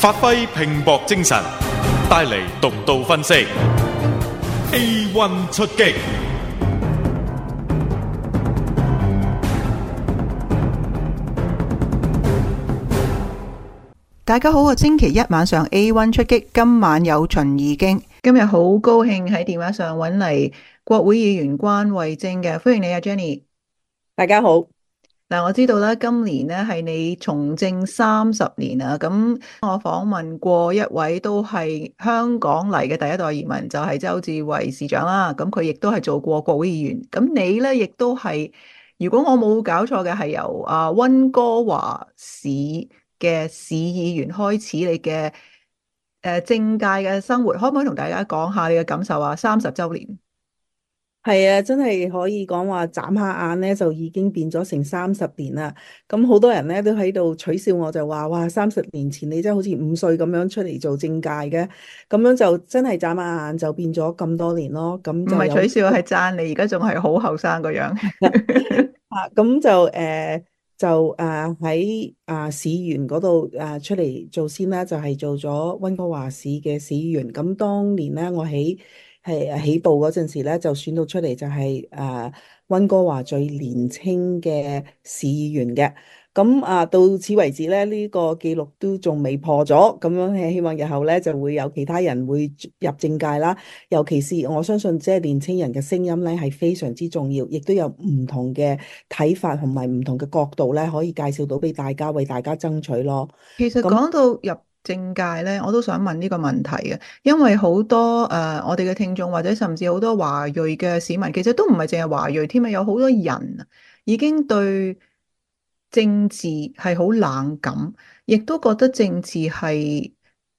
發揮拼搏精神，帶嚟獨到分析。A1 出擊，大家好啊！星期一晚上 A1 出擊，今晚有秦義經。今日好高興喺電話上揾嚟國會議員關慧貞嘅，歡迎你啊，Jenny。大家好。嗱，我知道咧，今年咧係你從政三十年啦。咁我訪問過一位都係香港嚟嘅第一代移民，就係周志偉市長啦。咁佢亦都係做過國會議員。咁你咧亦都係，如果我冇搞錯嘅，係由阿溫哥華市嘅市議員開始你嘅誒政界嘅生活，可唔可以同大家講下你嘅感受啊？三十週年。係啊，真係可以講話眨下眼咧，就已經變咗成三十年啦。咁好多人咧都喺度取笑我就，就話哇，三十年前你真係好似五歲咁樣出嚟做政界嘅，咁樣就真係眨下眼，眼就變咗咁多年咯。咁唔係取笑，係讚你而家仲係好後生個樣。啊， 咁就誒，就啊喺啊市議員嗰度啊出嚟做先啦，就係、是、做咗溫哥華市嘅市議員。咁當年咧，我喺。係起步嗰陣時咧，就選到出嚟就係誒溫哥華最年輕嘅市議員嘅。咁啊到此為止咧，呢個記錄都仲未破咗。咁樣希望日後咧就會有其他人會入政界啦。尤其是我相信即係年青人嘅聲音咧係非常之重要，亦都有唔同嘅睇法同埋唔同嘅角度咧可以介紹到俾大家，為大家爭取咯。其實講到入。政界咧，我都想問呢個問題嘅，因為好多誒、呃，我哋嘅聽眾或者甚至好多華裔嘅市民，其實都唔係淨係華裔添啊，有好多人已經對政治係好冷感，亦都覺得政治係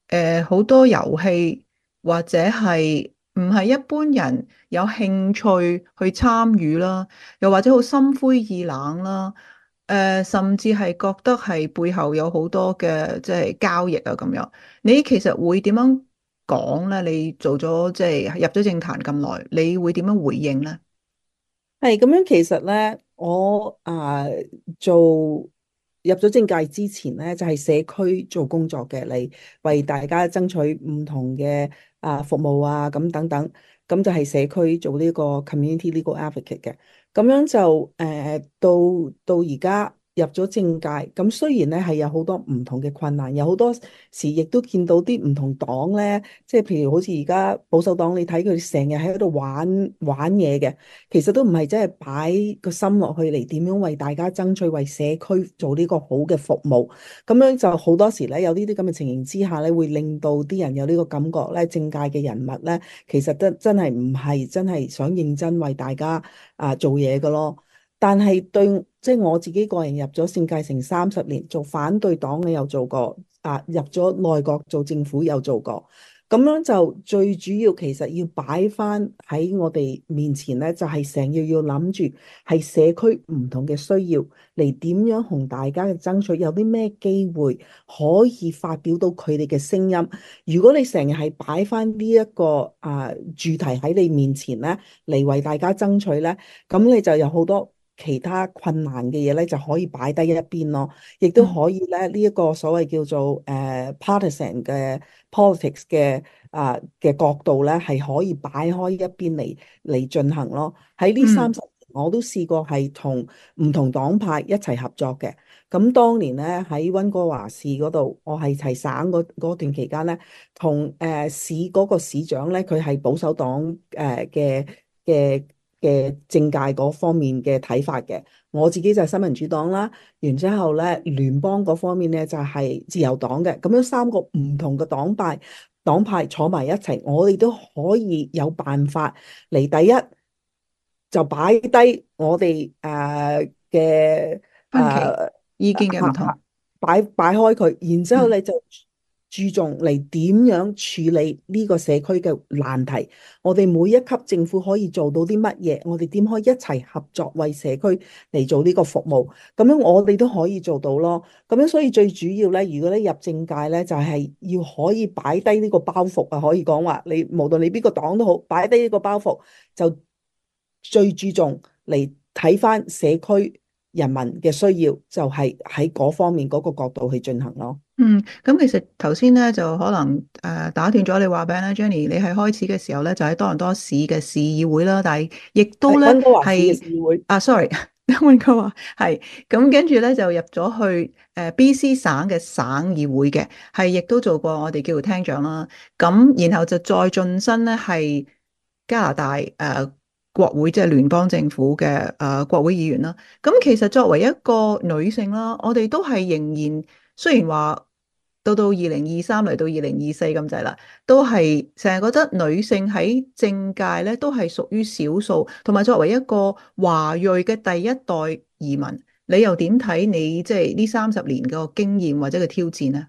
誒好多遊戲或者係唔係一般人有興趣去參與啦，又或者好心灰意冷啦。誒，甚至係覺得係背後有好多嘅即係交易啊咁樣。你其實會點樣講咧？你做咗即係入咗政壇咁耐，你會點樣回應咧？係咁樣，其實咧，我啊做入咗政界之前咧，就係社區做工作嘅，嚟為大家爭取唔同嘅啊服務啊咁等等，咁就係社區做呢個 community legal advocate 嘅。咁樣就誒，到到而家。入咗政界，咁雖然咧係有好多唔同嘅困難，有好多時亦都見到啲唔同黨咧，即係譬如好似而家保守黨，你睇佢成日喺度玩玩嘢嘅，其實都唔係真係擺個心落去嚟，點樣為大家爭取、為社區做呢個好嘅服務，咁樣就好多時咧，有呢啲咁嘅情形之下咧，會令到啲人有呢個感覺咧，政界嘅人物咧，其實真真係唔係真係想認真為大家啊做嘢噶咯。但係對，即係我自己個人入咗政界成三十年，做反對黨嘅又做過，啊入咗內閣做政府又做過，咁樣就最主要其實要擺翻，喺我哋面前呢，就係成日要諗住係社區唔同嘅需要嚟點樣同大家嘅爭取，有啲咩機會可以發表到佢哋嘅聲音。如果你成日係擺翻呢一個啊主題喺你面前呢，嚟為大家爭取呢，咁你就有好多。其他困難嘅嘢咧，就可以擺低一邊咯，亦都可以咧呢一、呢個所謂叫做誒、嗯呃、partisan 嘅 politics 嘅啊嘅角度咧，係可以擺開一邊嚟嚟進行咯。喺呢三十年，我都試過係同唔同黨派一齊合作嘅。咁當年咧喺溫哥華市嗰度，我係喺省嗰段期間咧，同誒、呃、市嗰個市長咧，佢係保守黨誒嘅嘅。呃嘅政界嗰方面嘅睇法嘅，我自己就係新民主黨啦，然之後咧聯邦嗰方面咧就係自由黨嘅，咁樣三個唔同嘅黨派，黨派坐埋一齊，我哋都可以有辦法嚟第一就擺低我哋誒嘅誒意見嘅唔同，擺擺、啊、開佢，然之後你就。嗯注重嚟點樣處理呢個社區嘅難題，我哋每一級政府可以做到啲乜嘢？我哋點可以一齊合作為社區嚟做呢個服務，咁樣我哋都可以做到咯。咁樣。所以最主要咧，如果你入政界咧，就係要可以擺低呢個包袱啊，可以講話，你，無論你邊個黨都好，擺低呢個包袱就最注重嚟睇翻社區人民嘅需要，就係喺嗰方面嗰個角度去進行咯。嗯，咁其實頭先咧就可能誒打斷咗你話柄啦，Jenny，你係開始嘅時候咧就喺多倫多市嘅市議會啦，但係亦都咧係啊溫哥華市議會啊，sorry，溫 哥華，係咁跟住咧就入咗去誒 BC 省嘅省議會嘅，係亦都做過我哋叫做廳長啦，咁然後就再晉身咧係加拿大誒、呃、國會，即、就、係、是、聯邦政府嘅誒、呃、國會議員啦。咁其實作為一個女性啦，我哋都係仍然雖然話。到到二零二三嚟到二零二四咁滯啦，都係成日覺得女性喺政界咧都係屬於少數，同埋作為一個華裔嘅第一代移民，你又點睇你即係呢三十年個經驗或者個挑戰呢？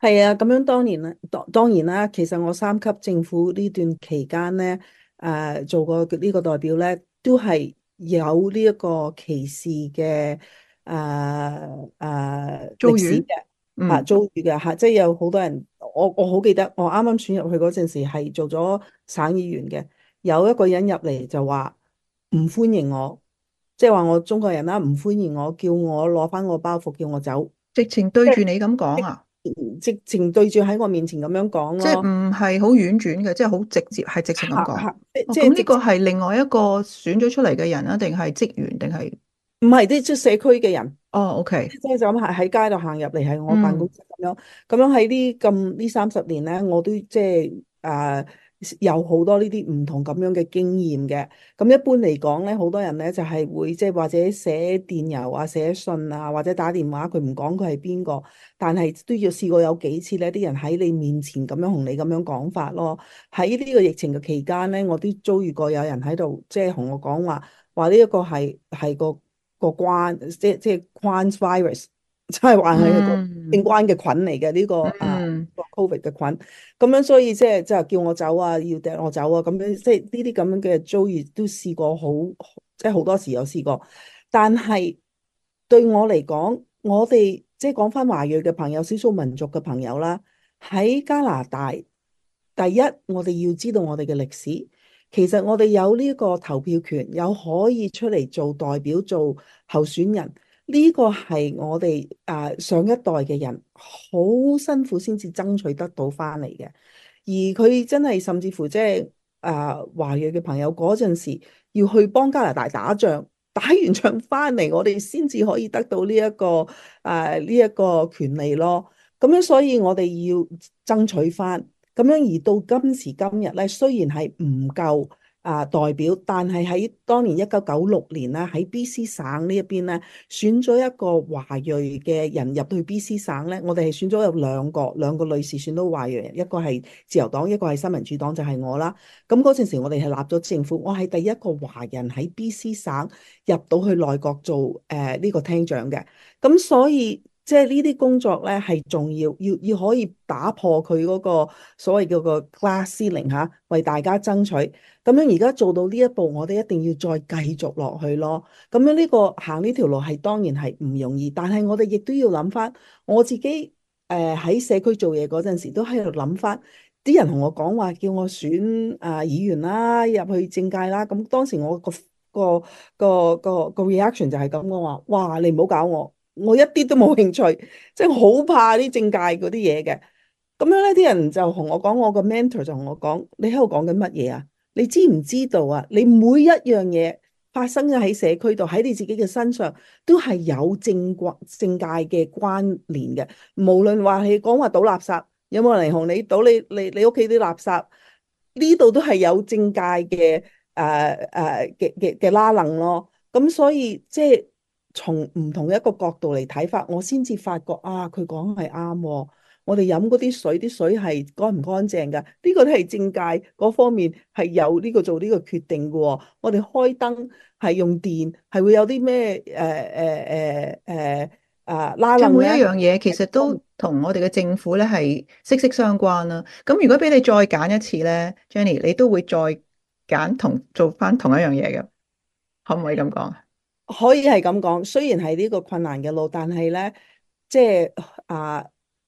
係啊，咁樣當然啦，當當然啦，其實我三級政府呢段期間咧，誒、呃、做過呢個代表咧，都係有呢一個歧視嘅誒誒歷史嘅。吓、嗯啊、遭遇嘅吓，即係有好多人，我我好記得，我啱啱選入去嗰陣時係做咗省議員嘅，有一個人入嚟就話唔歡迎我，即係話我中國人啦，唔歡迎我，叫我攞翻個包袱，叫我走。直情對住你咁講啊！直情對住喺我面前咁樣講咯、啊。即係唔係好婉轉嘅，即係好直接，係直情咁講。咁呢、就是哦、個係另外一個選咗出嚟嘅人啊，定係職員定係？唔係啲出社區嘅人。哦、oh，OK，即係就咁行喺街度行入嚟，喺我辦公室咁樣，咁、嗯、樣喺呢咁呢三十年咧，我都即係誒有好多呢啲唔同咁樣嘅經驗嘅。咁一般嚟講咧，好多人咧就係、是、會即係或者寫電郵啊、寫信啊，或者打電話，佢唔講佢係邊個，但係都要試過有幾次咧，啲人喺你面前咁樣同你咁樣講法咯。喺呢個疫情嘅期間咧，我都遭遇過有人喺度即係同我講話，話呢一個係係個。個關即即關 virus 即係話係冠嘅菌嚟嘅呢個啊，covid 嘅菌，咁樣所以即即係叫我走啊，要掟我走啊，咁樣即呢啲咁樣嘅遭遇都試過好，即好多時候有試過，但係對我嚟講，我哋即係講翻華裔嘅朋友、少數民族嘅朋友啦，喺加拿大，第一我哋要知道我哋嘅歷史。其實我哋有呢個投票權，有可以出嚟做代表、做候選人，呢個係我哋誒上一代嘅人好辛苦先至爭取得到翻嚟嘅。而佢真係甚至乎即係誒華裔嘅朋友嗰陣時要去幫加拿大打仗，打完仗翻嚟，我哋先至可以得到呢一個誒呢一個權利咯。咁樣所以我哋要爭取翻。咁樣而到今時今日咧，雖然係唔夠啊、呃、代表，但係喺當年一九九六年啦，喺 B.C 省呢一邊咧，選咗一個華裔嘅人入到去 B.C 省咧，我哋係選咗有兩個兩個女士選到華裔人，一個係自由黨，一個係新民主黨，就係、是、我啦。咁嗰陣時候我哋係立咗政府，我係第一個華人喺 B.C 省入到去內閣做誒呢、呃這個廳長嘅，咁所以。即係呢啲工作咧係重要，要要可以打破佢嗰個所謂叫做 glass ceiling 嚇，為大家爭取。咁樣而家做到呢一步，我哋一定要再繼續落去咯。咁樣呢個行呢條路係當然係唔容易，但係我哋亦都要諗翻我自己誒喺、呃、社區做嘢嗰陣時，都喺度諗翻啲人同我講話，叫我選啊議員啦，入去政界啦。咁當時我個、個、個、個、個個 reaction 就係咁，我話：哇，你唔好搞我！我一啲都冇興趣，即係好怕啲政界嗰啲嘢嘅。咁樣呢啲人就同我講，我個 mentor 就同我講：你喺度講緊乜嘢啊？你知唔知道啊？你每一樣嘢發生喺社區度，喺你自己嘅身上，都係有政的關政界嘅關聯嘅。無論話係講話倒垃圾，有冇人嚟同你倒？你你你屋企啲垃圾呢度都係有政界嘅誒誒嘅嘅嘅拉楞咯。咁所以即係。就是從唔同一個角度嚟睇法，我先至發覺啊，佢講係啱。我哋飲嗰啲水，啲水係乾唔乾淨噶？呢個都係政界嗰方面係有呢個做呢個決定嘅。我哋開燈係用電，係會有啲咩誒誒誒誒啊拉，每一樣嘢其實都同我哋嘅政府咧係息息相關啦。咁如果俾你再揀一次咧，Jenny，你都會再揀同做翻同一樣嘢嘅，可唔可以咁講？可以係咁講，雖然係呢個困難嘅路，但係呢，即係啊，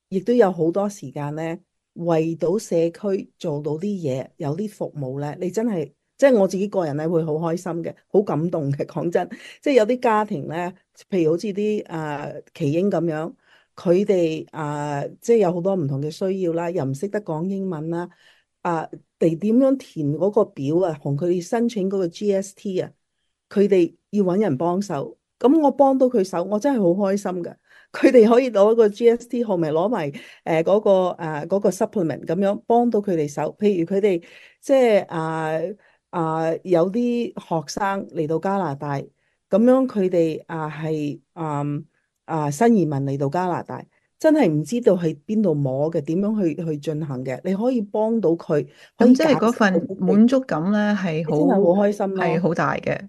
亦都有好多時間呢，為到社區做到啲嘢，有啲服務呢。你真係即係我自己個人呢，會好開心嘅，好感動嘅。講真，即係有啲家庭呢，譬如好似啲啊耆英咁樣，佢哋啊，即係有好多唔同嘅需要啦，又唔識得講英文啦，啊，佢哋點樣填嗰個表啊，同佢哋申請嗰個 GST 啊，佢哋。要揾人幫手，咁我幫到佢手，我真係好開心嘅。佢哋可以攞個 GST 號咪攞埋誒嗰個誒嗰個 supplement 咁樣幫到佢哋手。譬如佢哋即係啊啊有啲學生嚟到加拿大，咁樣佢哋啊係啊啊新移民嚟到加拿大，真係唔知道喺邊度摸嘅，點樣去去進行嘅。你可以幫到佢，咁即係嗰份滿足感咧，係好係好開心，係好大嘅。